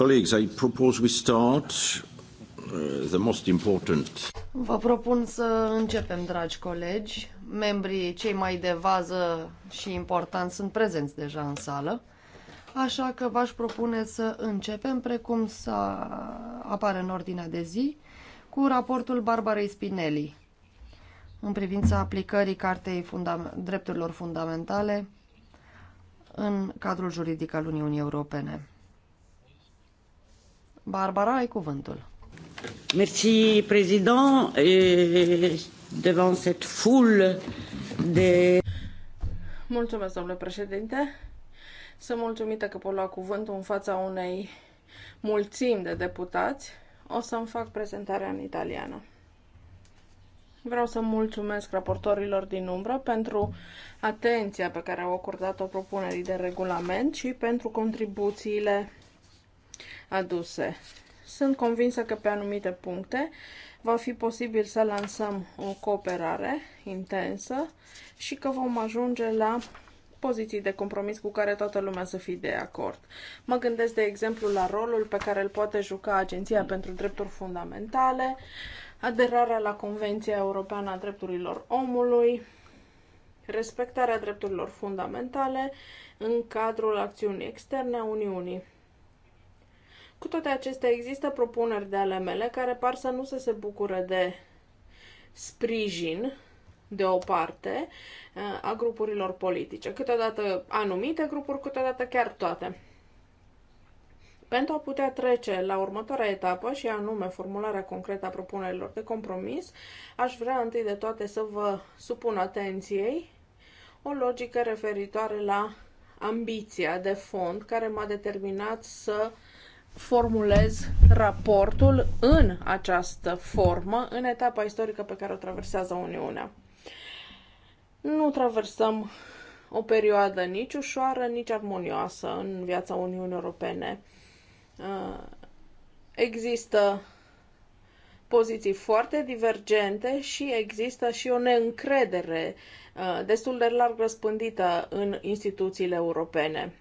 Colleagues, I propose we start uh, the most important. Vă propun să începem, dragi colegi. Membrii cei mai de vază și importanți sunt prezenți deja în sală, așa că v-aș propune să începem, precum să apare în ordinea de zi, cu raportul Barbarei Spinelli în privința aplicării Cartei Fundam Drepturilor Fundamentale în cadrul juridic al Uniunii Europene. Barbara, ai cuvântul. Merci, président. Devant cette foule de... Mulțumesc, domnule președinte. Sunt mulțumită că pot lua cuvântul în fața unei mulțimi de deputați. O să-mi fac prezentarea în italiană. Vreau să mulțumesc raportorilor din umbră pentru atenția pe care au acordat-o propunerii de regulament și pentru contribuțiile aduse. Sunt convinsă că pe anumite puncte va fi posibil să lansăm o cooperare intensă și că vom ajunge la poziții de compromis cu care toată lumea să fie de acord. Mă gândesc, de exemplu, la rolul pe care îl poate juca Agenția pentru Drepturi Fundamentale, aderarea la Convenția Europeană a Drepturilor Omului, respectarea drepturilor fundamentale în cadrul acțiunii externe a Uniunii. Cu toate acestea, există propuneri de ale mele care par să nu se se bucură de sprijin de o parte eh, a grupurilor politice, câteodată anumite grupuri, câteodată chiar toate. Pentru a putea trece la următoarea etapă, și anume formularea concretă a propunerilor de compromis, aș vrea întâi de toate să vă supun atenției o logică referitoare la ambiția de fond care m-a determinat să uh, formulez raportul în această formă, în etapa istorică pe care o traversează Uniunea. Nu traversăm o perioadă nici ușoară, nici armonioasă în viața Uniunii Europene. Uh, există poziții foarte divergente și există și o neîncredere uh, destul de larg răspândită în instituțiile europene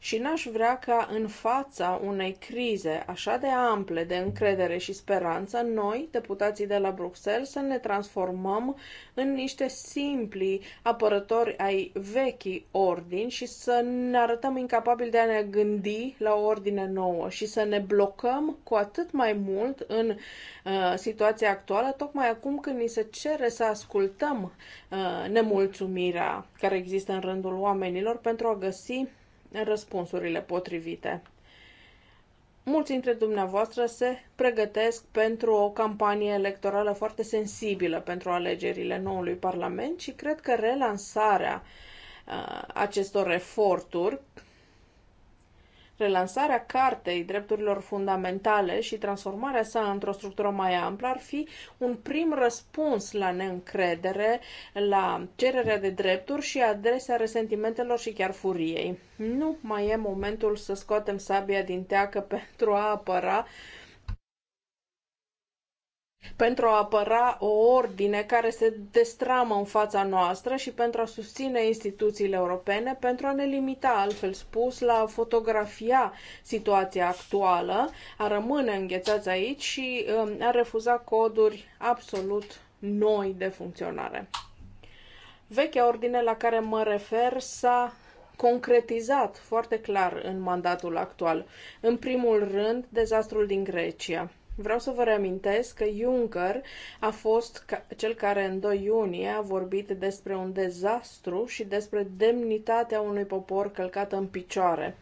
și n-aș vrea ca în fața unei crize așa de ample de încredere și speranță, noi, deputații de la Bruxelles, să ne transformăm în niște simpli apărători ai vechii ordini și să ne arătăm incapabili de a ne gândi la o ordine nouă și să ne blocăm cu atât mai mult în uh, situația actuală, tocmai acum când ni se cere să ascultăm uh, nemulțumirea care există în rândul oamenilor pentru a găsi răspunsurile potrivite. Mulți dintre dumneavoastră se pregătesc pentru o campanie electorală foarte sensibilă pentru alegerile noului Parlament și cred că relansarea uh, acestor eforturi Relansarea Cartei Drepturilor Fundamentale și transformarea sa într-o structură mai amplă ar fi un prim răspuns la neîncredere, la cererea de drepturi și adresa resentimentelor și chiar furiei. Nu mai e momentul să scoatem sabia din teacă pentru a apăra pentru a apăra o ordine care se destramă în fața noastră și pentru a susține instituțiile europene, pentru a ne limita, altfel spus, la a fotografia situația actuală, a rămâne înghețați aici și um, a refuza coduri absolut noi de funcționare. Vechea ordine la care mă refer s-a concretizat foarte clar în mandatul actual. În primul rând, dezastrul din Grecia Vreau să vă reamintesc că Juncker a fost cel care în 2 iunie a vorbit despre un dezastru și despre demnitatea unui popor călcat în picioare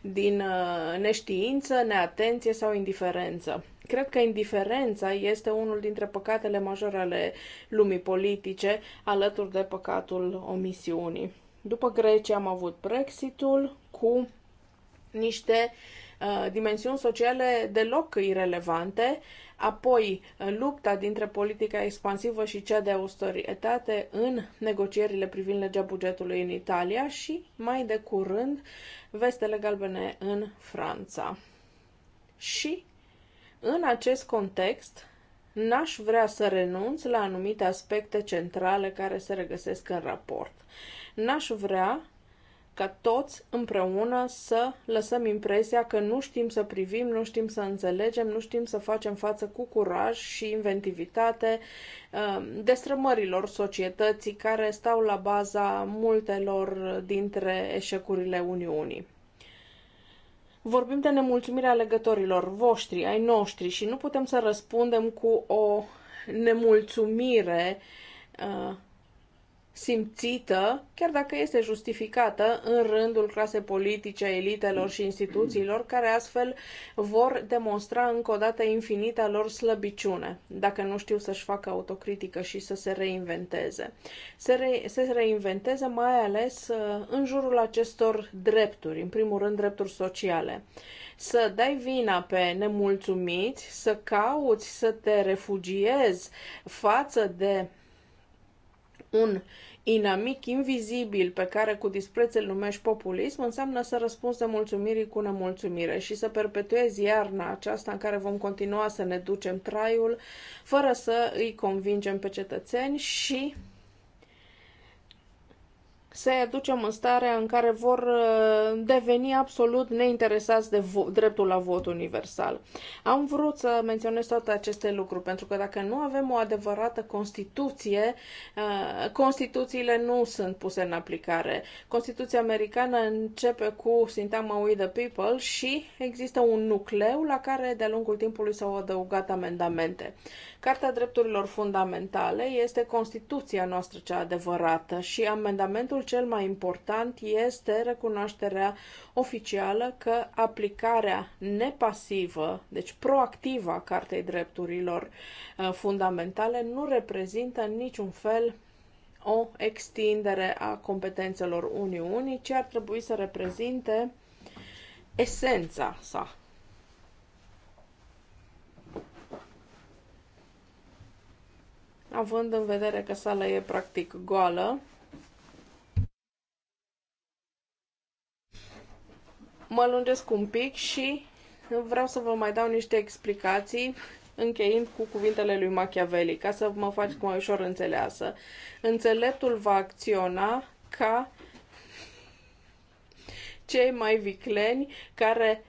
din uh, neștiință, neatenție sau indiferență. Cred că indiferența este unul dintre păcatele majore ale lumii politice, alături de păcatul omisiunii. După Grecia am avut Brexitul cu niște uh, Uh, dimensiuni sociale deloc irelevante, apoi uh, lupta dintre politica expansivă și cea de austeritate în negocierile privind legea bugetului în Italia și, mai de curând, vestele galbene în Franța. Și, în acest context, n-aș vrea să renunț la anumite aspecte centrale care se regăsesc în raport. N-aș vrea ca toți împreună să lăsăm impresia că nu știm să privim, nu știm să înțelegem, nu știm să facem față cu curaj și inventivitate uh, destrămărilor societății care stau la baza multelor dintre eșecurile Uniunii. Vorbim de nemulțumirea legătorilor voștri, ai noștri și nu putem să răspundem cu o nemulțumire uh, simțită, chiar dacă este justificată, în rândul clasei politice, elitelor și instituțiilor, care astfel vor demonstra încă o dată infinita lor slăbiciune, dacă nu știu să-și facă autocritică și să se reinventeze. Se, re- se reinventeze mai ales uh, în jurul acestor drepturi, în primul rând drepturi sociale să dai vina pe nemulțumiți, să cauți să te refugiezi față de un inamic invizibil pe care cu dispreț îl numești populism, înseamnă să răspunzi de mulțumirii cu nemulțumire și să perpetuezi iarna aceasta în care vom continua să ne ducem traiul fără să îi convingem pe cetățeni și să-i aducem în starea în care vor uh, deveni absolut neinteresați de dreptul la vot universal. Am vrut să menționez toate aceste lucruri, pentru că dacă nu avem o adevărată Constituție, uh, Constituțiile nu sunt puse în aplicare. Constituția americană începe cu sintagma We the People și există un nucleu la care de-a lungul timpului s-au adăugat amendamente. Carta Drepturilor Fundamentale este Constituția noastră cea adevărată și amendamentul cel mai important este recunoașterea oficială că aplicarea nepasivă, deci proactivă a Cartei Drepturilor uh, Fundamentale nu reprezintă în niciun fel o extindere a competențelor Uniunii, ci ar trebui să reprezinte esența sa. Având în vedere că sala e practic goală, Mă lungesc un pic și vreau să vă mai dau niște explicații încheind cu cuvintele lui Machiavelli, ca să mă faci mai ușor înțeleasă. Înțeleptul va acționa ca cei mai vicleni care,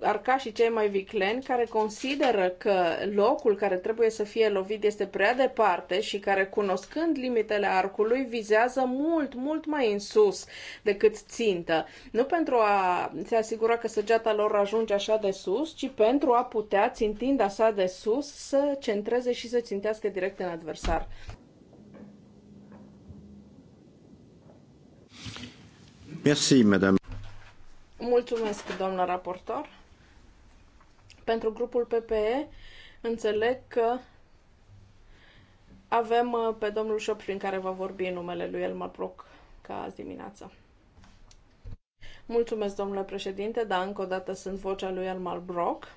arcașii cei mai vicleni care consideră că locul care trebuie să fie lovit este prea departe și care, cunoscând limitele arcului, vizează mult, mult mai în sus decât țintă. Nu pentru a se asigura că săgeata lor ajunge așa de sus, ci pentru a putea, țintind așa de sus, să centreze și să țintească direct în adversar. Merci, madame. Mulțumesc, doamna raportor. Pentru grupul PPE înțeleg că avem uh, pe domnul prin care va vorbi în numele lui Elmar Brock ca azi dimineața. Mulțumesc, domnule președinte, dar încă o dată sunt vocea lui Elmar Brock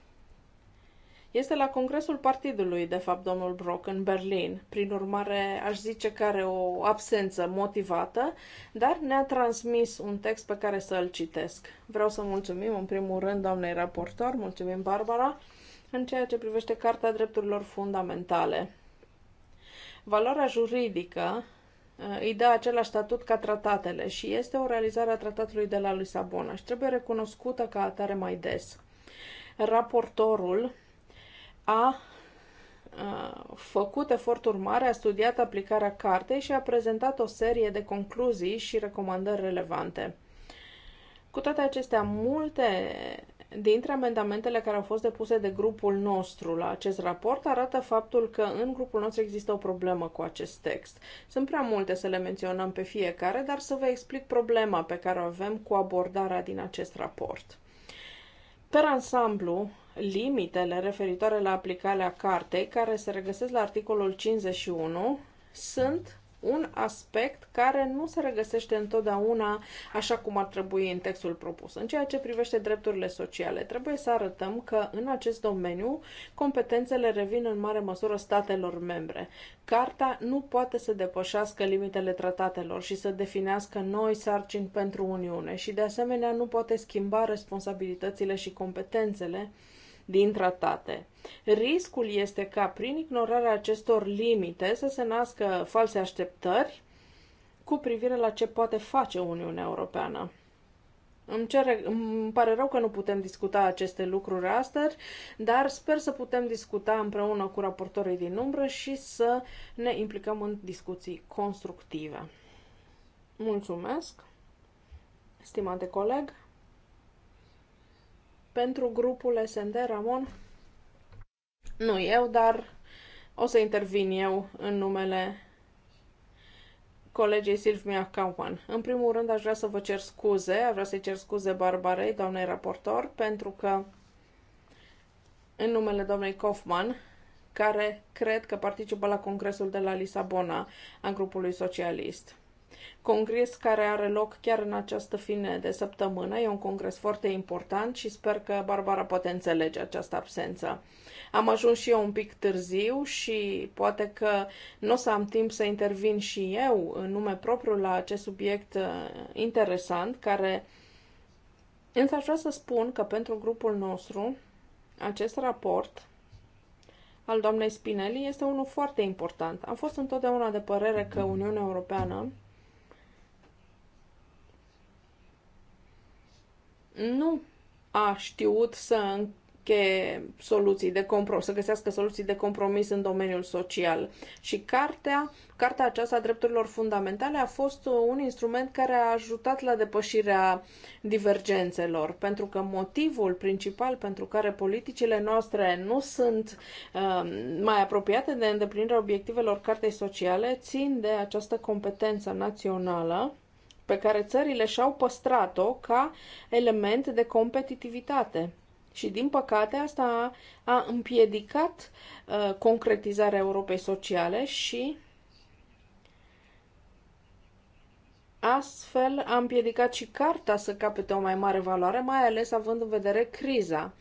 este la congresul partidului, de fapt, domnul Brock, în Berlin. Prin urmare, aș zice că are o absență motivată, dar ne-a transmis un text pe care să-l citesc. Vreau să mulțumim, în primul rând, doamnei raportor, mulțumim, Barbara, în ceea ce privește Carta Drepturilor Fundamentale. Valoarea juridică uh, îi dă același statut ca tratatele și este o realizare a tratatului de la Lisabona și trebuie recunoscută ca atare mai des. Raportorul a făcut eforturi mari, a studiat aplicarea cartei și a prezentat o serie de concluzii și recomandări relevante. Cu toate acestea, multe dintre amendamentele care au fost depuse de grupul nostru la acest raport arată faptul că în grupul nostru există o problemă cu acest text. Sunt prea multe să le menționăm pe fiecare, dar să vă explic problema pe care o avem cu abordarea din acest raport. Per ansamblu, limitele referitoare la aplicarea cartei, care se regăsesc la articolul 51, sunt un aspect care nu se regăsește întotdeauna așa cum ar trebui în textul propus. În ceea ce privește drepturile sociale, trebuie să arătăm că în acest domeniu competențele revin în mare măsură statelor membre. Carta nu poate să depășească limitele tratatelor și să definească noi sarcini pentru Uniune și de asemenea nu poate schimba responsabilitățile și competențele din tratate. Riscul este ca prin ignorarea acestor limite să se nască false așteptări cu privire la ce poate face Uniunea Europeană. Îmi, cere, îmi pare rău că nu putem discuta aceste lucruri astăzi, dar sper să putem discuta împreună cu raportorii din umbră și să ne implicăm în discuții constructive. Mulțumesc, stimate coleg! pentru grupul SND, Ramon? Nu eu, dar o să intervin eu în numele colegii Silvia Cauman. În primul rând, aș vrea să vă cer scuze, aș vrea să-i cer scuze Barbarei, doamnei raportor, pentru că în numele doamnei Kaufman, care cred că participă la congresul de la Lisabona a grupului socialist congres care are loc chiar în această fine de săptămână. E un congres foarte important și sper că Barbara poate înțelege această absență. Am ajuns și eu un pic târziu și poate că nu o să am timp să intervin și eu în nume propriu la acest subiect uh, interesant care Însă aș vrea să spun că pentru grupul nostru acest raport al doamnei Spinelli este unul foarte important. Am fost întotdeauna de părere că Uniunea Europeană nu a știut să încheie soluții de compromis, să găsească soluții de compromis în domeniul social. Și cartea, cartea aceasta a drepturilor fundamentale a fost un instrument care a ajutat la depășirea divergențelor, pentru că motivul principal pentru care politicile noastre nu sunt uh, mai apropiate de îndeplinirea obiectivelor cartei sociale țin de această competență națională pe care țările și-au păstrat-o ca element de competitivitate. Și, din păcate, asta a, a împiedicat uh, concretizarea Europei sociale și Astfel, a împiedicat și carta să capete o mai mare valoare, mai ales având în vedere criza.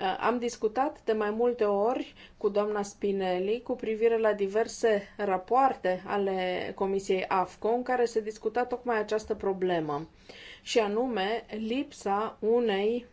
Uh, am discutat de mai multe ori cu doamna Spinelli cu privire la diverse rapoarte ale Comisiei AFCO în care se discuta tocmai această problemă și anume lipsa unei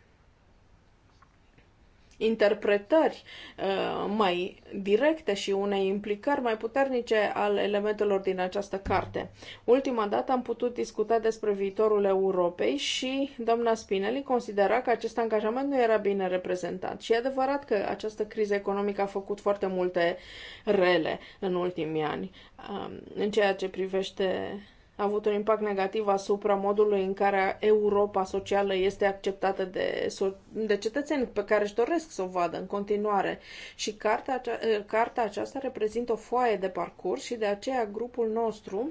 interpretări uh, mai directe și unei implicări mai puternice al elementelor din această carte. Ultima dată am putut discuta despre viitorul Europei și doamna Spinelli considera că acest angajament nu era bine reprezentat. Și e adevărat că această criză economică a făcut foarte multe rele în ultimii ani um, în ceea ce privește a avut un impact negativ asupra modului în care Europa socială este acceptată de, de cetățeni pe care își doresc să o vadă în continuare. Și cartea, acea, eh, cartea aceasta reprezintă o foaie de parcurs și de aceea grupul nostru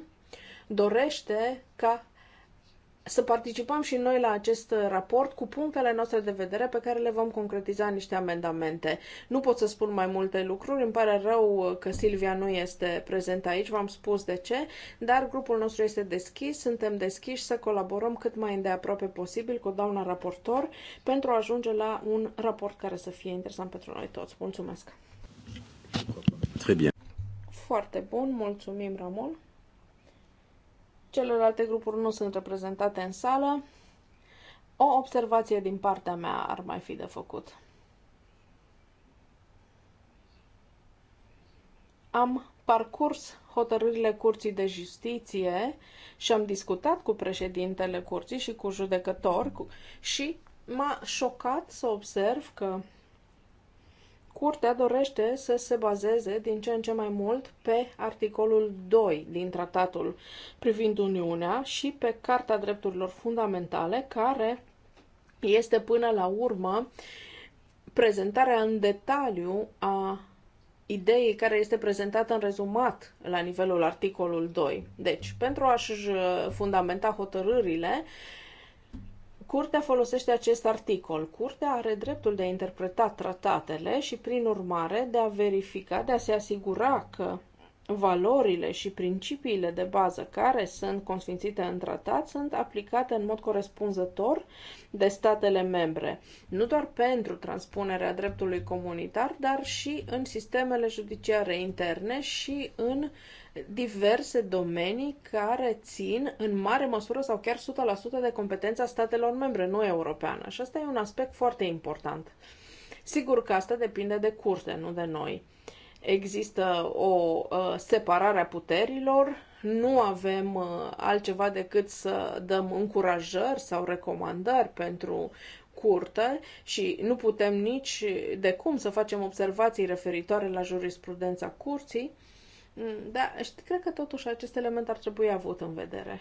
dorește ca să participăm și noi la acest raport cu punctele noastre de vedere pe care le vom concretiza în niște amendamente. Nu pot să spun mai multe lucruri, îmi pare rău că Silvia nu este prezentă aici, v-am spus de ce, dar grupul nostru este deschis, suntem deschiși să colaborăm cât mai îndeaproape posibil cu doamna raportor pentru a ajunge la un raport care să fie interesant pentru noi toți. Mulțumesc! Foarte bun, mulțumim, Ramon. Celelalte grupuri nu sunt reprezentate în sală. O observație din partea mea ar mai fi de făcut. Am parcurs hotărârile Curții de Justiție și am discutat cu președintele Curții și cu judecători și m-a șocat să observ că Curtea dorește să se bazeze din ce în ce mai mult pe articolul 2 din tratatul privind Uniunea și pe Carta Drepturilor Fundamentale, care este până la urmă prezentarea în detaliu a ideii care este prezentată în rezumat la nivelul articolul 2. Deci, pentru a-și uh, fundamenta hotărârile, uh, Curtea folosește acest articol. Curtea are dreptul de a interpreta tratatele și, prin urmare, de a verifica, de a se asigura că valorile și principiile de bază care sunt consfințite în tratat sunt aplicate în mod corespunzător de statele membre, nu doar pentru transpunerea dreptului comunitar, dar și în sistemele judiciare interne și în diverse domenii care țin în mare măsură sau chiar 100% de competența statelor membre, nu europeană. Și asta e un aspect foarte important. Sigur că asta depinde de curte, nu de noi. Există o uh, separare a puterilor, nu avem uh, altceva decât să dăm încurajări sau recomandări pentru curte și nu putem nici de cum să facem observații referitoare la jurisprudența curții, Mm, da, și cred că totuși acest element ar trebui avut în vedere.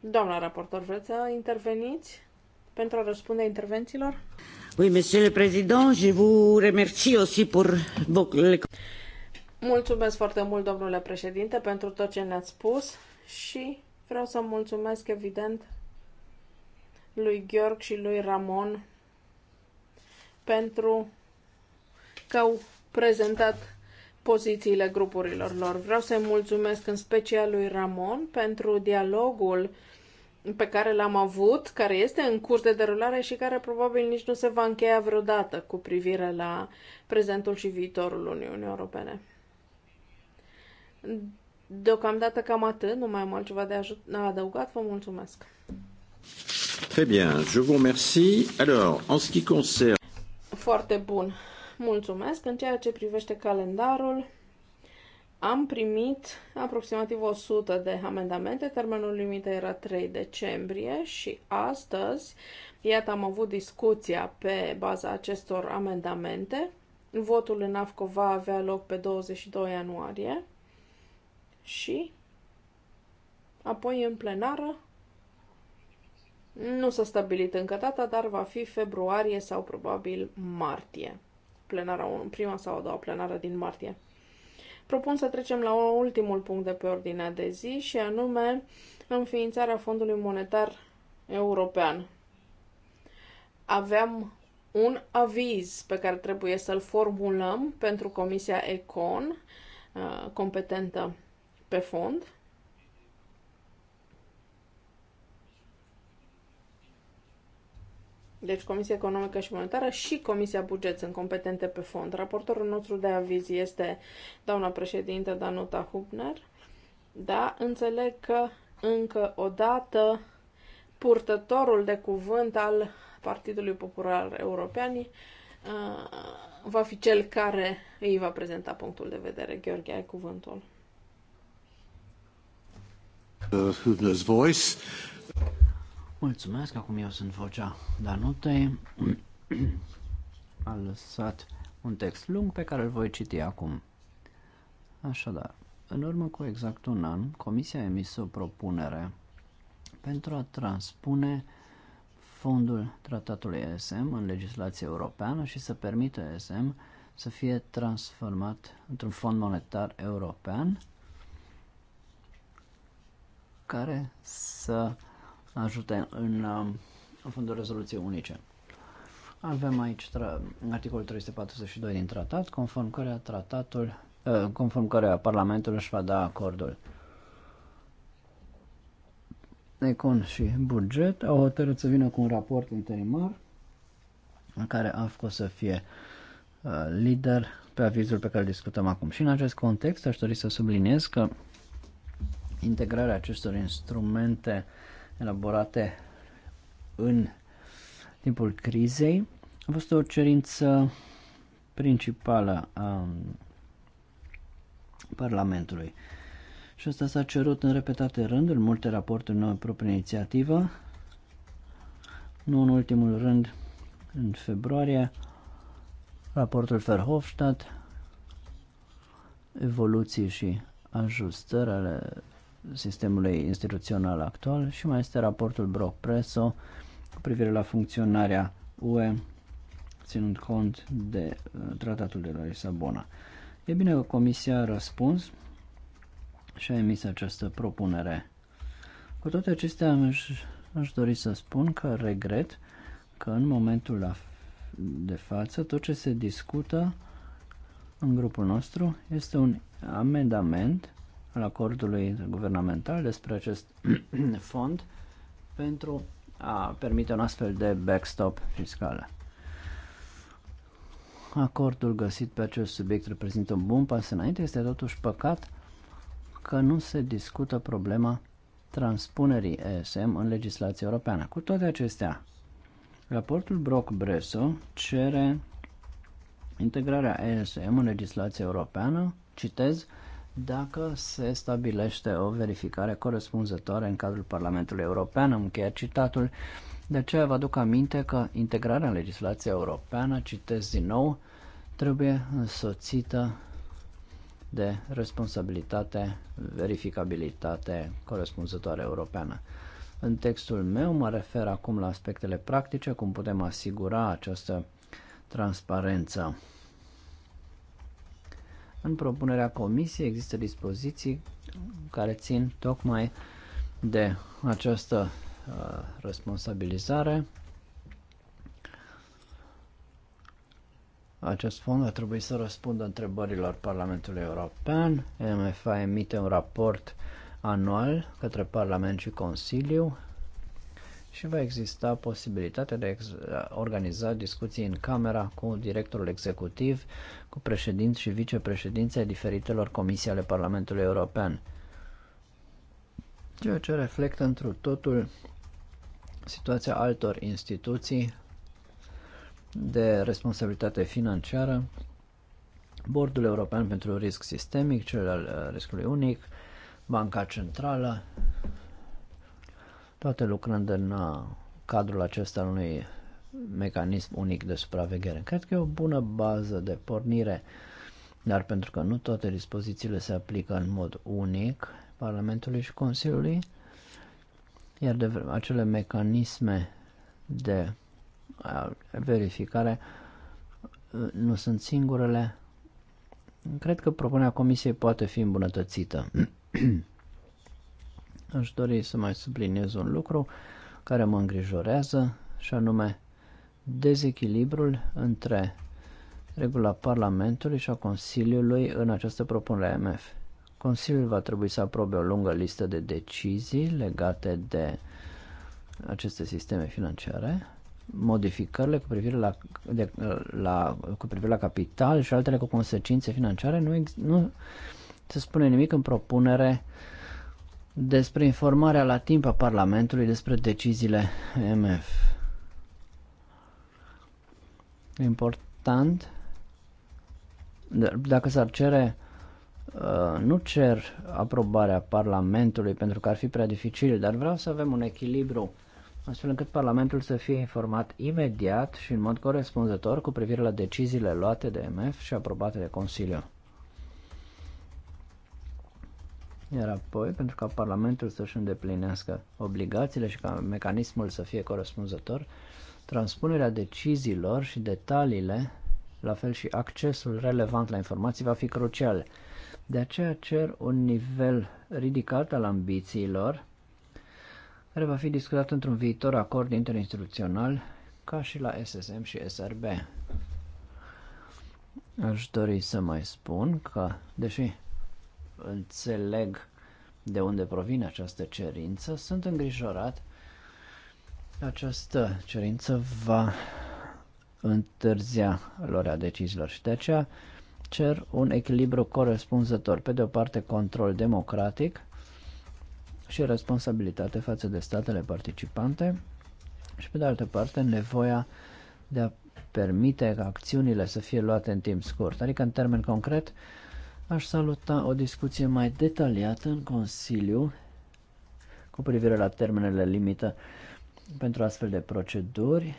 Doamna raportor, vreți să interveniți pentru a răspunde intervențiilor? Oui, monsieur le président, je vous remercie aussi pour vos... Mulțumesc foarte mult, domnule președinte, pentru tot ce ne-ați spus și vreau să mulțumesc, evident, lui Gheorg și lui Ramon pentru că au prezentat pozițiile grupurilor lor. Vreau să-i mulțumesc în special lui Ramon pentru dialogul pe care l-am avut, care este în curs de derulare și care probabil nici nu se va încheia vreodată cu privire la prezentul și viitorul Uniunii Europene. Deocamdată cam atât, nu mai am altceva de adăugat, vă mulțumesc! Très bien, je vous remercie. Alors, en ce qui concerne... Foarte bun. Mulțumesc. În ceea ce privește calendarul, am primit aproximativ 100 de amendamente. Termenul limită era 3 decembrie și astăzi, iată, am avut discuția pe baza acestor amendamente. Votul în AFCO va avea loc pe 22 ianuarie și apoi în plenară nu s-a stabilit încă data, dar va fi februarie sau probabil martie. Plenara 1, prima sau a doua plenară din martie. Propun să trecem la ultimul punct de pe ordinea de zi și anume înființarea Fondului Monetar European. Aveam un aviz pe care trebuie să-l formulăm pentru Comisia Econ uh, competentă pe fond Deci Comisia Economică și Monetară și Comisia Buget sunt competente pe fond. Raportorul nostru de aviz este doamna președintă Danuta Hubner. Da, înțeleg că încă o dată purtătorul de cuvânt al Partidului Popular European uh, va fi cel care îi va prezenta punctul de vedere. Gheorghe, ai cuvântul. Uh, voice. Mulțumesc, acum eu sunt vocea Danute, A lăsat un text lung pe care îl voi citi acum. Așadar, în urmă cu exact un an, Comisia a emis o propunere pentru a transpune fondul tratatului ESM în legislație europeană și să permită ESM să fie transformat într-un fond monetar european care să ajute um, în fondul rezoluției unice. Avem aici articolul 342 din tratat, conform care tratatul, uh, conform care Parlamentul își va da acordul. Econ și buget au hotărât să vină cu un raport interimar în care AFCO să fie uh, lider pe avizul pe care îl discutăm acum. Și în acest context aș dori să subliniez că integrarea acestor instrumente uh, elaborate în timpul crizei a fost o cerință principală a um, Parlamentului. Și asta s-a cerut în repetate rânduri, multe rapoarte în proprie inițiativă, nu în ultimul rând în februarie, raportul Verhofstadt, evoluții și ajustări ale sistemului instituțional actual și mai este raportul Brock Preso cu privire la funcționarea UE ținând cont de uh, tratatul de la Lisabona. E bine că Comisia a răspuns și a emis această propunere. Cu toate acestea aș, aș dori să spun că regret că în momentul de față tot ce se discută în grupul nostru este un amendament al acordului guvernamental despre acest fond pentru a permite un astfel de backstop fiscal. Acordul găsit pe acest subiect reprezintă un bun pas înainte, este totuși păcat că nu se discută problema transpunerii ESM în legislația europeană. Cu toate acestea, raportul Brock-Bresso cere integrarea ESM în legislația europeană, citez, dacă se stabilește o verificare corespunzătoare în cadrul Parlamentului European. Am încheiat citatul. De aceea vă aduc aminte că integrarea în legislația europeană, citesc din nou, trebuie însoțită de responsabilitate, verificabilitate corespunzătoare europeană. În textul meu mă refer acum la aspectele practice, cum putem asigura această transparență. În propunerea comisiei există dispoziții care țin tocmai de această uh, responsabilizare. Acest fond a trebuit să răspundă întrebărilor Parlamentului European. MFA emite un raport anual către Parlament și Consiliu și va exista posibilitatea de a organiza discuții în camera cu directorul executiv, cu președinți și ai diferitelor comisii ale Parlamentului European. Ceea ce reflectă întru totul situația altor instituții de responsabilitate financiară, Bordul European pentru Risc Sistemic, cel al uh, riscului unic, Banca Centrală, toate lucrând în uh, cadrul acesta unui mecanism unic de supraveghere. Cred că e o bună bază de pornire, dar pentru că nu toate dispozițiile se aplică în mod unic Parlamentului și Consiliului, iar de acele mecanisme de uh, verificare uh, nu sunt singurele, cred că propunerea Comisiei poate fi îmbunătățită. Aș dori să mai subliniez un lucru care mă îngrijorează și anume dezechilibrul între regula Parlamentului și a Consiliului în această propunere MF. Consiliul va trebui să aprobe o lungă listă de decizii legate de aceste sisteme financiare, modificările cu privire la, de, la, cu privire la capital și altele cu consecințe financiare, nu, ex, nu se spune nimic în propunere despre informarea la timp a Parlamentului despre deciziile MF. Important, dacă s-ar cere, uh, nu cer aprobarea Parlamentului pentru că ar fi prea dificil, dar vreau să avem un echilibru astfel încât Parlamentul să fie informat imediat și în mod corespunzător cu privire la deciziile luate de MF și aprobate de Consiliu. Iar apoi, pentru ca Parlamentul să-și îndeplinească obligațiile și ca mecanismul să fie corespunzător, transpunerea deciziilor și detaliile, la fel și accesul relevant la informații, va fi crucial. De aceea cer un nivel ridicat al ambițiilor, care va fi discutat într-un viitor acord interinstituțional, ca și la SSM și SRB. Aș dori să mai spun că, deși înțeleg de unde provine această cerință, sunt îngrijorat această cerință va întârzia luarea deciziilor și de aceea cer un echilibru corespunzător. Pe de o parte control democratic și responsabilitate față de statele participante și pe de altă parte nevoia de a permite acțiunile să fie luate în timp scurt. Adică în termen concret Aș saluta o discuție mai detaliată în Consiliu cu privire la termenele limită pentru astfel de proceduri,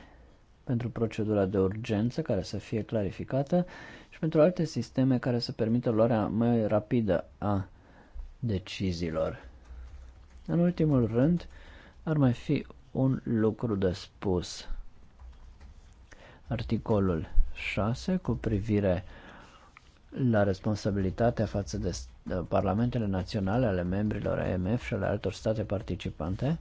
pentru procedura de urgență care să fie clarificată și pentru alte sisteme care să permită luarea mai rapidă a deciziilor. În ultimul rând, ar mai fi un lucru de spus. Articolul 6 cu privire la responsabilitatea față de parlamentele naționale ale membrilor EMF și ale altor state participante.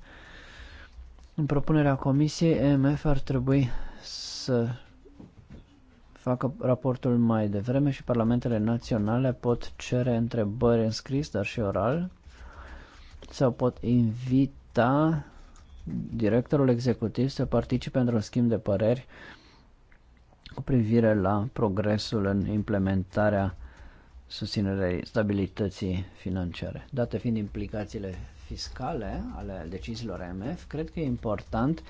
În propunerea comisiei, EMF ar trebui să facă raportul mai devreme și parlamentele naționale pot cere întrebări în scris, dar și oral, sau pot invita directorul executiv să participe într-un schimb de păreri cu privire la progresul în implementarea susținerei stabilității financiare. Date fiind implicațiile fiscale ale deciziilor MF, cred că e important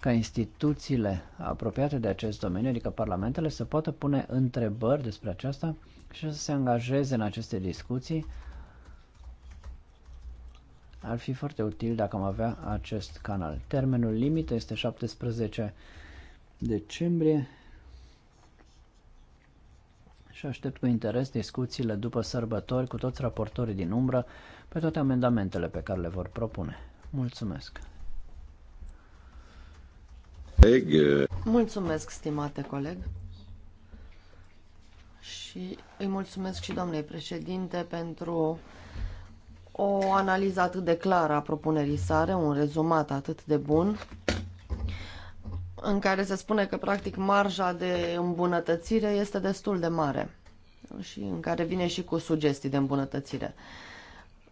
ca instituțiile apropiate de acest domeniu, adică parlamentele, să poată pune întrebări despre aceasta și să se angajeze în aceste discuții. Ar fi foarte util dacă am avea acest canal. Termenul limită este 17 decembrie și aștept cu interes discuțiile după sărbători cu toți raportorii din umbră pe toate amendamentele pe care le vor propune. Mulțumesc! Mulțumesc, stimate coleg! Și îi mulțumesc și doamnei președinte pentru o analiză atât de clară a propunerii sare, un rezumat atât de bun în care se spune că practic marja de îmbunătățire este destul de mare și în care vine și cu sugestii de îmbunătățire.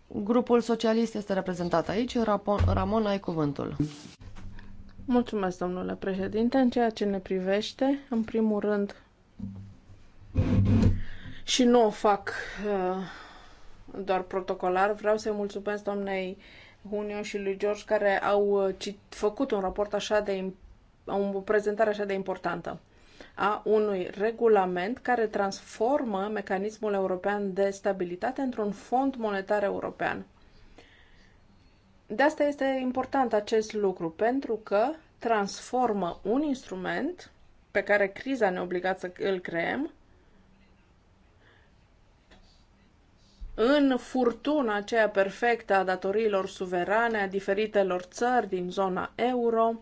Grupul socialist este reprezentat aici. Ramon, ai cuvântul. Mulțumesc, domnule președinte. În ceea ce ne privește, în primul rând, și nu o fac uh, doar protocolar, vreau să-i mulțumesc doamnei Hunio și lui George care au uh, făcut un raport așa de o prezentare așa de importantă a unui regulament care transformă mecanismul european de stabilitate într-un fond monetar european. De asta este important acest lucru, pentru că transformă un instrument pe care criza ne obliga să îl creăm în furtuna aceea perfectă a datoriilor suverane a diferitelor țări din zona euro,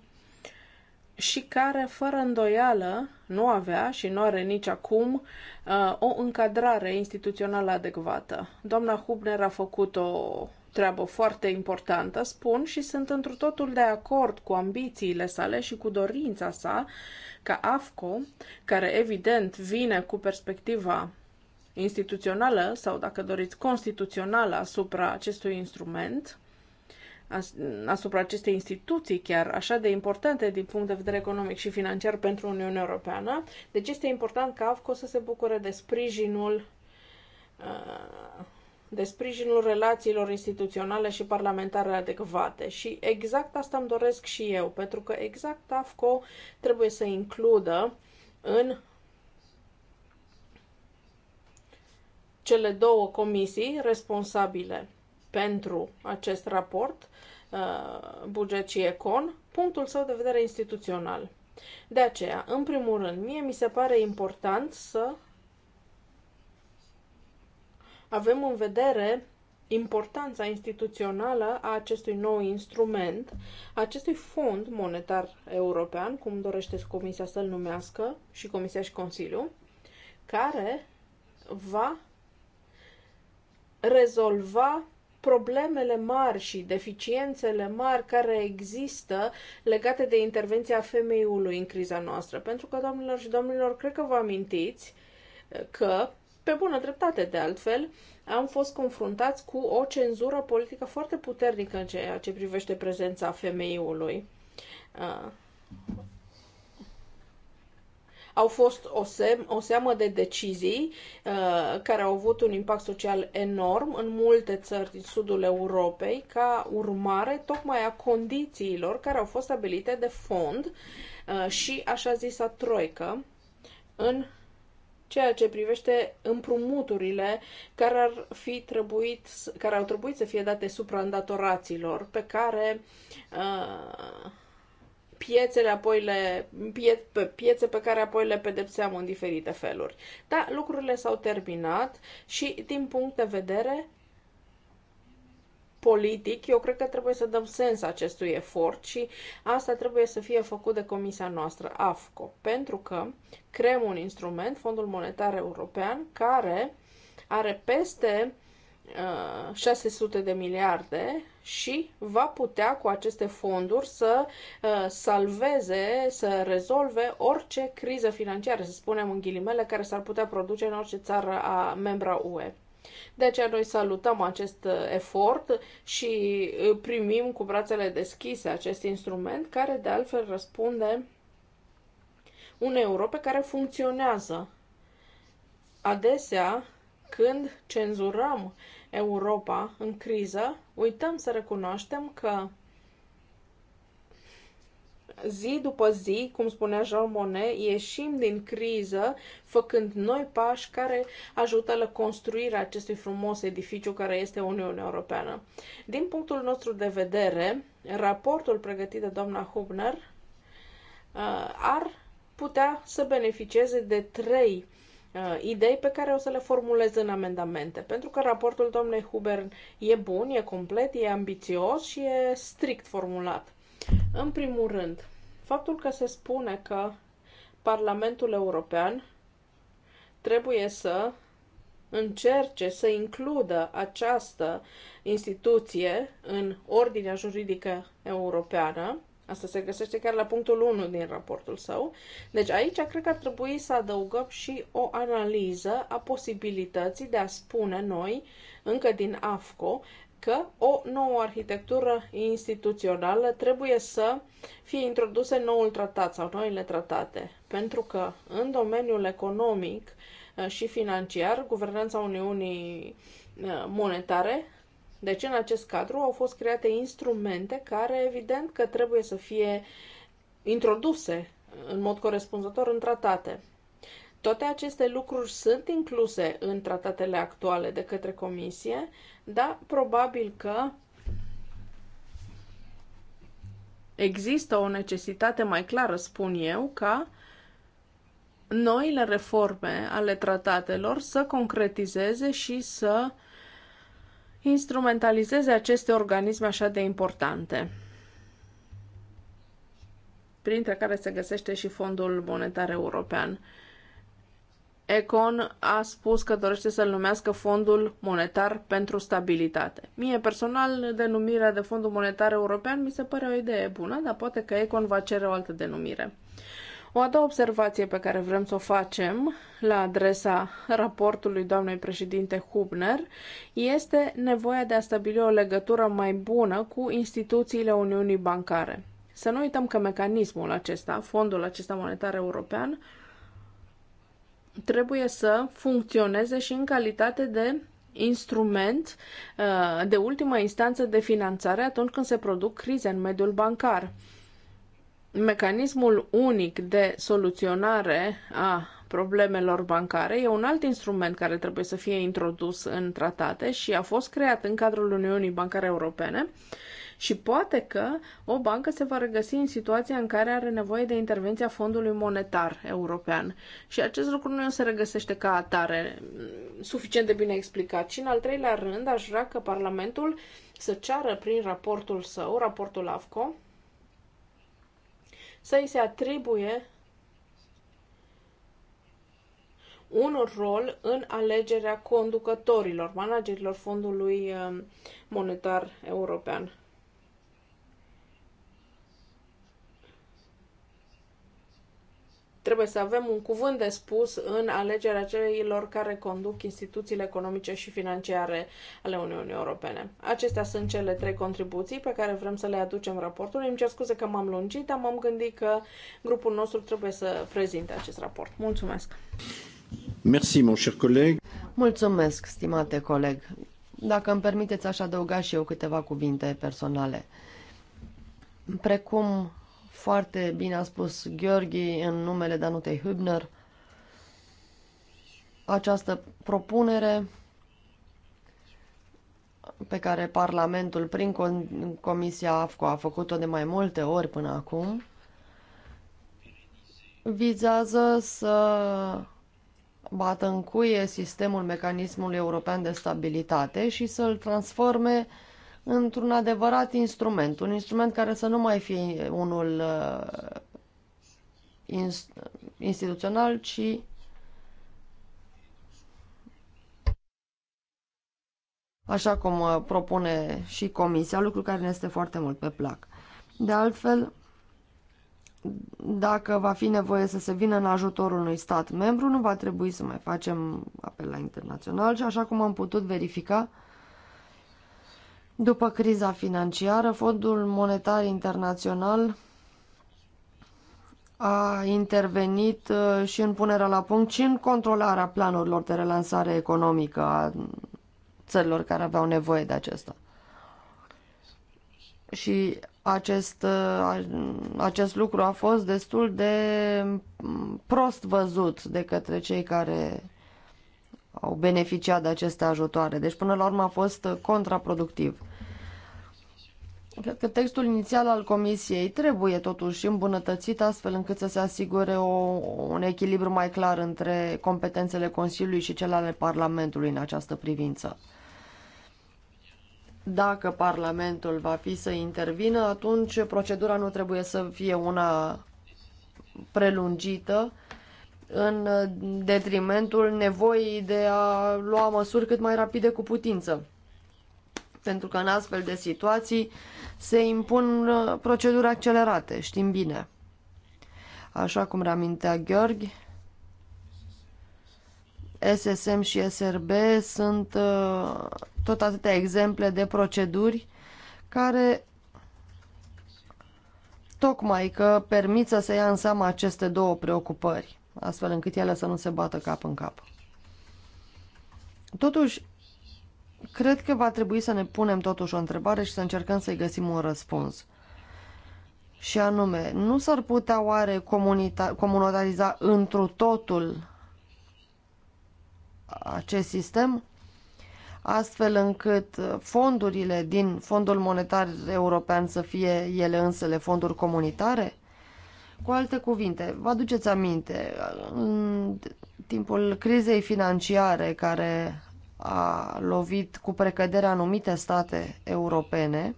și care, fără îndoială, nu avea și nu are nici acum uh, o încadrare instituțională adecvată. Doamna Hubner a făcut o treabă foarte importantă, spun, și sunt într totul de acord cu ambițiile sale și cu dorința sa ca AFCO, care evident vine cu perspectiva instituțională sau, dacă doriți, constituțională asupra acestui instrument, asupra acestei instituții chiar așa de importante din punct de vedere economic și financiar pentru Uniunea Europeană. Deci este important ca AFCO să se bucure de sprijinul uh, de sprijinul relațiilor instituționale și parlamentare adecvate. Și exact asta îmi doresc și eu, pentru că exact AFCO trebuie să includă în cele două comisii responsabile pentru acest raport, uh, buget și econ, punctul său de vedere instituțional. De aceea, în primul rând, mie mi se pare important să avem în vedere importanța instituțională a acestui nou instrument, acestui fond monetar european, cum dorește Comisia să-l numească, și Comisia și Consiliu, care va rezolva problemele mari și deficiențele mari care există legate de intervenția femeiului în criza noastră. Pentru că, doamnelor și domnilor, cred că vă amintiți că, pe bună dreptate de altfel, am fost confruntați cu o cenzură politică foarte puternică în ceea ce privește prezența femeiului uh, au fost o, sem- o seamă de decizii uh, care au avut un impact social enorm în multe țări din sudul Europei ca urmare tocmai a condițiilor care au fost stabilite de fond uh, și așa zisa troică în ceea ce privește împrumuturile care, ar fi trebuit, care au trebuit să fie date supraîndatoraților, pe care uh, piețele, apoi le, pie, pe piețe pe care apoi le pedepseam în diferite feluri. Da, lucrurile s-au terminat și din punct de vedere politic, eu cred că trebuie să dăm sens acestui efort și asta trebuie să fie făcut de comisia noastră AFCO, pentru că creăm un instrument, Fondul Monetar European, care are peste 600 uh, de miliarde și va putea cu aceste fonduri să uh, salveze, să rezolve orice criză financiară, să spunem în ghilimele, care s-ar putea produce în orice țară a membra UE. De aceea noi salutăm acest uh, efort și primim cu brațele deschise acest instrument care de altfel răspunde unei Europe care funcționează. Adesea când cenzurăm Europa în criză, uităm să recunoaștem că zi după zi, cum spunea Jean Monnet, ieșim din criză făcând noi pași care ajută la construirea acestui frumos edificiu care este Uniunea Europeană. Din punctul nostru de vedere, raportul pregătit de doamna Hubner uh, ar putea să beneficieze de trei uh, uh, idei pe care o să le formulez în amendamente, pentru că raportul domnului Huber e bun, e complet, e ambițios și e strict formulat. În primul rând, faptul că se spune că Parlamentul European trebuie să încerce să includă această instituție în ordinea juridică europeană, Asta se găsește chiar la punctul 1 din raportul său. Deci aici cred că ar trebui să adăugăm și o analiză a posibilității de a spune noi, încă din AFCO, că o nouă arhitectură instituțională trebuie să fie introdusă în noul tratat sau noile tratate, pentru că în domeniul economic uh, și financiar, guvernanța Uniunii uh, monetare deci, în acest cadru au fost create instrumente care, evident, că trebuie să fie introduse în mod corespunzător în tratate. Toate aceste lucruri sunt incluse în tratatele actuale de către Comisie, dar probabil că există o necesitate mai clară, spun eu, ca noile reforme ale tratatelor să concretizeze și să instrumentalizeze aceste organisme așa de importante, printre care se găsește și Fondul Monetar European. Econ a spus că dorește să-l numească Fondul Monetar pentru Stabilitate. Mie personal, denumirea de Fondul Monetar European mi se pare o idee bună, dar poate că Econ va cere o altă denumire. O a doua observație pe care vrem să o facem la adresa raportului doamnei președinte Hubner este nevoia de a stabili o legătură mai bună cu instituțiile Uniunii Bancare. Să nu uităm că mecanismul acesta, fondul acesta monetar european, trebuie să funcționeze și în calitate de instrument uh, de ultimă instanță de finanțare atunci când se produc crize în mediul bancar mecanismul unic de soluționare a problemelor bancare e un alt instrument care trebuie să fie introdus în tratate și a fost creat în cadrul Uniunii Bancare Europene și poate că o bancă se va regăsi în situația în care are nevoie de intervenția Fondului Monetar European. Și acest lucru nu se regăsește ca atare suficient de bine explicat. Și în al treilea rând, aș vrea că Parlamentul să ceară prin raportul său, raportul AFCO, să îi se atribuie un rol în alegerea conducătorilor, managerilor Fondului uh, Monetar European. Trebuie să avem un cuvânt de spus în alegerea celor care conduc instituțiile economice și financiare ale Uniunii Europene. Acestea sunt cele trei contribuții pe care vrem să le aducem raportului. Îmi cer scuze că m-am lungit, dar m-am gândit că grupul nostru trebuie să prezinte acest raport. Mulțumesc! Merci, mon cher coleg. Mulțumesc, stimate coleg. Dacă îmi permiteți, aș adăuga și eu câteva cuvinte personale. Precum foarte bine a spus Gheorghi în numele Danutei Hübner. Această propunere pe care Parlamentul prin Comisia AFCO a făcut-o de mai multe ori până acum vizează să bată în cuie sistemul mecanismului european de stabilitate și să-l transforme uh, într-un adevărat instrument, un instrument care să nu mai fie unul uh, instituțional, ci așa cum uh, propune și Comisia, lucru care ne este foarte mult pe plac. De altfel, dacă va fi nevoie să se vină în ajutorul unui stat membru, nu va trebui să mai facem apel la internațional și așa cum am putut verifica, după criza financiară, Fondul Monetar Internațional a intervenit uh, și în punerea la punct și în controlarea planurilor de relansare economică a țărilor care aveau nevoie de acesta. Și acest, uh, acest lucru a fost destul de mm, prost văzut de către cei care au beneficiat de aceste ajutoare. Deci, până la urmă, a fost contraproductiv. Cred că textul inițial al Comisiei trebuie totuși îmbunătățit astfel încât să se asigure o, un echilibru mai clar între competențele Consiliului și cele ale Parlamentului în această privință. Dacă Parlamentul va fi să intervină, atunci procedura nu trebuie să fie una prelungită, în uh, detrimentul nevoii de a lua măsuri cât mai rapide cu putință. Pentru că în astfel de situații se impun uh, proceduri accelerate, știm bine. Așa cum reamintea Gheorghe, SSM și SRB sunt uh, tot atâtea exemple de proceduri care tocmai că permit să se ia în seama aceste două preocupări astfel încât ele să nu se bată cap în cap. Totuși, cred că va trebui să ne punem totuși o întrebare și să încercăm să-i găsim un răspuns. Și anume, nu s-ar putea oare comunitariza întru totul acest sistem, astfel încât fondurile din Fondul Monetar European să fie ele însele fonduri comunitare? Cu alte cuvinte, vă aduceți aminte, în timpul crizei financiare care a lovit cu precădere anumite state europene,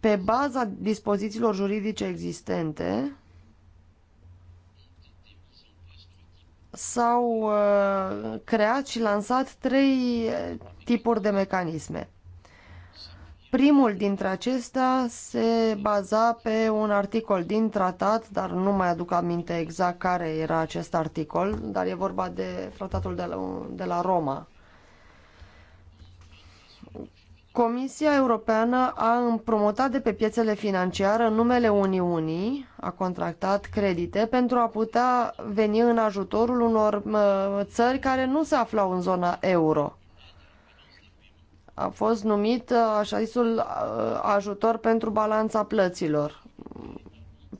pe baza dispozițiilor juridice existente, s-au uh, creat și lansat trei uh, tipuri de mecanisme. Primul dintre acestea se baza pe un articol din tratat, dar nu mai aduc aminte exact care era acest articol, dar e vorba de tratatul de la, de la Roma. Comisia Europeană a împrumutat de pe piețele financiare numele Uniunii, a contractat credite pentru a putea veni în ajutorul unor țări care nu se aflau în zona euro a fost numit uh, așa zisul uh, ajutor pentru balanța plăților.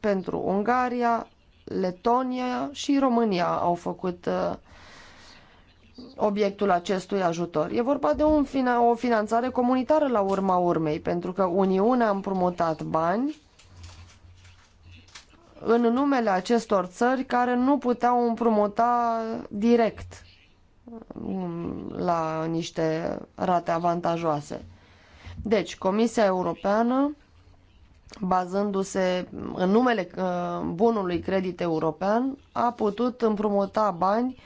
Pentru Ungaria, Letonia și România au făcut uh, obiectul acestui ajutor. E vorba de un, o finanțare comunitară la urma urmei, pentru că Uniunea a împrumutat bani în numele acestor țări care nu puteau împrumuta direct la niște rate avantajoase. Deci, Comisia Europeană, bazându-se în numele uh, bunului credit european, a putut împrumuta bani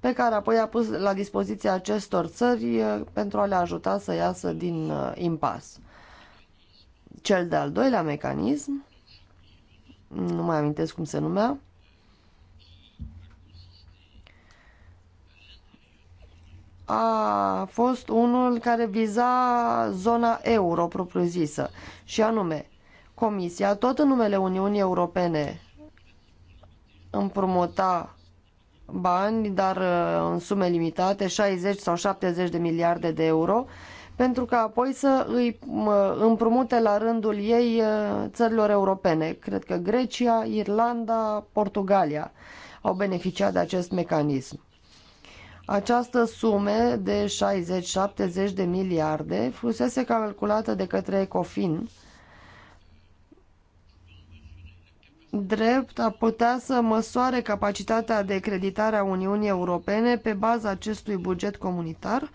pe care apoi a pus la dispoziția acestor țări uh, pentru a le ajuta să iasă din uh, impas. Cel de-al doilea mecanism, nu mai amintesc cum se numea, a fost unul care viza zona euro propriu-zisă și anume Comisia, tot în numele Uniunii Europene, împrumuta bani, dar uh, în sume limitate, 60 sau 70 de miliarde de euro, pentru că apoi să îi uh, împrumute la rândul ei uh, țărilor europene. Cred că Grecia, Irlanda, Portugalia au beneficiat de acest mecanism. Această sume de 60-70 de miliarde fusese calculată de către Ecofin drept a putea să măsoare capacitatea de creditare a Uniunii Europene pe baza acestui buget comunitar,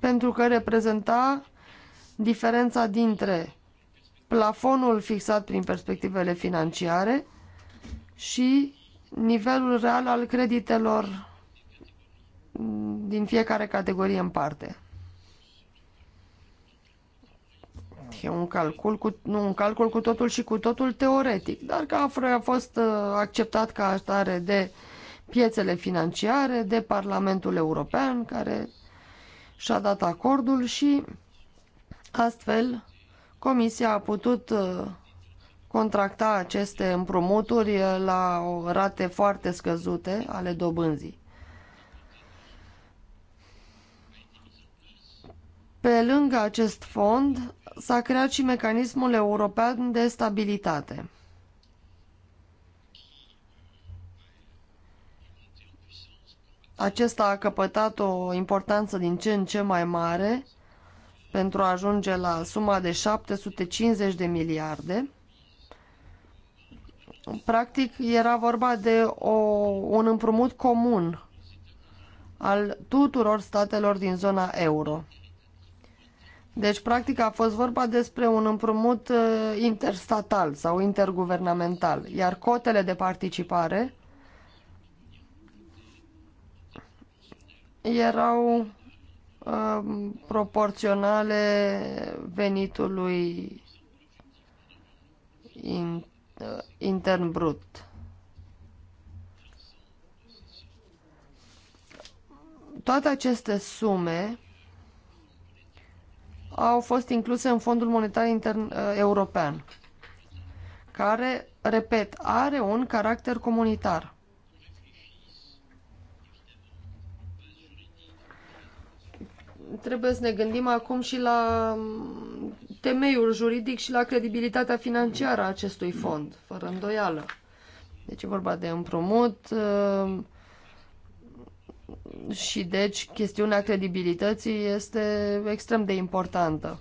pentru că reprezenta diferența dintre plafonul fixat prin perspectivele financiare și nivelul real al creditelor din fiecare categorie în parte. E un calcul cu, nu, un calcul cu totul și cu totul teoretic, dar că a fost uh, acceptat ca atare de piețele financiare, de Parlamentul European, care și-a dat acordul și astfel Comisia a putut uh, contracta aceste împrumuturi la rate foarte scăzute ale dobânzii. Pe lângă acest fond, s-a creat și mecanismul european de stabilitate. Acesta a căpătat o importanță din ce în ce mai mare pentru a ajunge la suma de 750 de miliarde Practic era vorba de o, un împrumut comun al tuturor statelor din zona euro. Deci, practic, a fost vorba despre un împrumut uh, interstatal sau interguvernamental, iar cotele de participare erau uh, proporționale venitului interstatal. Uh, intern brut. Toate aceste sume au fost incluse în Fondul Monetar Intern uh, European, care, repet, are un caracter comunitar. Trebuie să ne gândim acum și la um, temeiul juridic și la credibilitatea financiară a acestui fond, fără îndoială. Deci e vorba de împrumut uh, și deci chestiunea credibilității este extrem de importantă.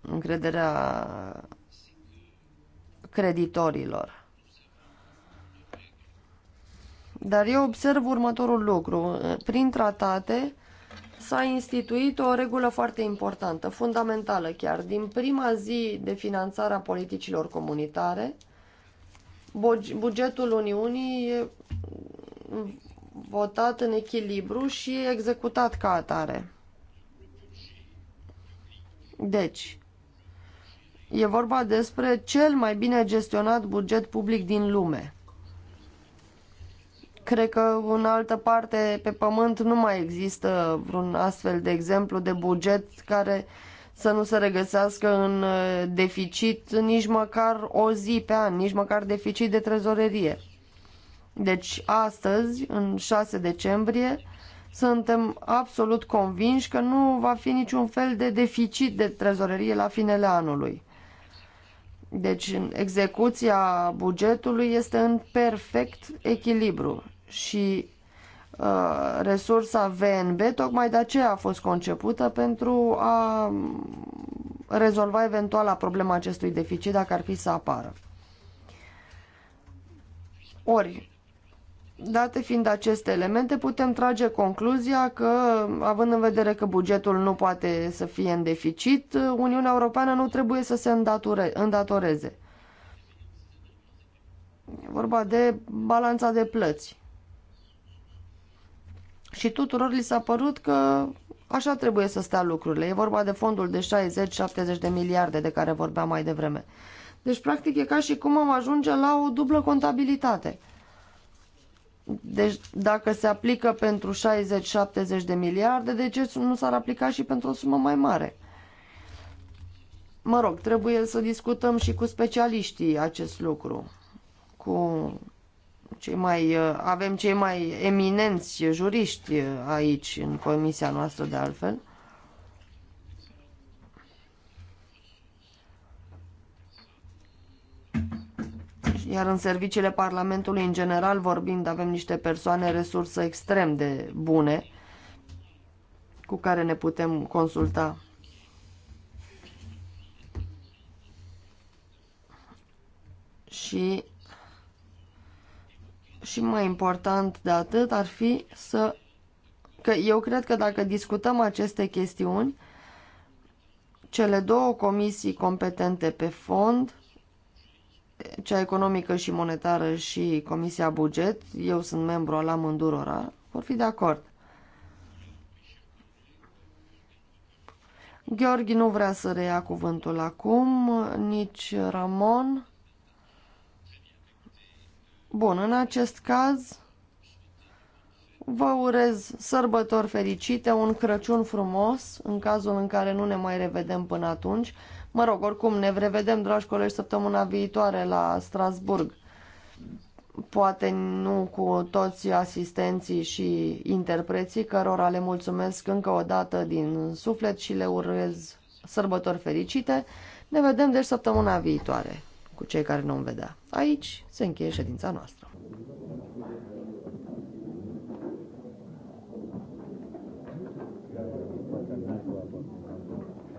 Încrederea creditorilor. Dar eu observ următorul lucru. Prin tratate s-a instituit o regulă foarte importantă, fundamentală chiar. Din prima zi de finanțare a politicilor comunitare, bugetul Uniunii e votat în echilibru și executat ca atare. Deci, e vorba despre cel mai bine gestionat buget public din lume. Cred că în altă parte pe pământ nu mai există vreun astfel de exemplu de buget care să nu se regăsească în uh, deficit nici măcar o zi pe an, nici măcar deficit de trezorerie. Deci astăzi, în 6 decembrie, suntem absolut convinși că nu va fi niciun fel de deficit de trezorerie la finele anului. Deci execuția bugetului este în perfect echilibru și uh, resursa VNB tocmai de aceea a fost concepută pentru a rezolva eventuala problema acestui deficit dacă ar fi să apară. Ori, Date fiind aceste elemente, putem trage concluzia că, având în vedere că bugetul nu poate să fie în deficit, Uniunea Europeană nu trebuie să se îndature, îndatoreze. E vorba de balanța de plăți. Și tuturor li s-a părut că așa trebuie să stea lucrurile. E vorba de fondul de 60-70 de miliarde de care vorbeam mai devreme. Deci, practic, e ca și cum am ajunge la o dublă contabilitate – deci dacă se aplică pentru 60-70 de miliarde, de deci ce nu s-ar aplica și pentru o sumă mai mare? Mă rog, trebuie să discutăm și cu specialiștii acest lucru, cu cei mai, avem cei mai eminenți juriști aici, în comisia noastră de altfel. Iar în serviciile Parlamentului, în general vorbind, avem niște persoane resurse extrem de bune cu care ne putem consulta. Și, și mai important de atât ar fi să... că eu cred că dacă discutăm aceste chestiuni, cele două comisii competente pe fond cea economică și monetară și Comisia Buget, eu sunt membru al amândurora, vor fi de acord. Gheorghi nu vrea să reia cuvântul acum, nici Ramon. Bun, în acest caz vă urez sărbători fericite, un Crăciun frumos, în cazul în care nu ne mai revedem până atunci, Mă rog, oricum, ne revedem, dragi colegi, săptămâna viitoare la Strasburg. Poate nu cu toți asistenții și interpreții, cărora le mulțumesc încă o dată din suflet și le urez sărbători fericite. Ne vedem, deci, săptămâna viitoare cu cei care nu-mi vedea. Aici se încheie ședința noastră.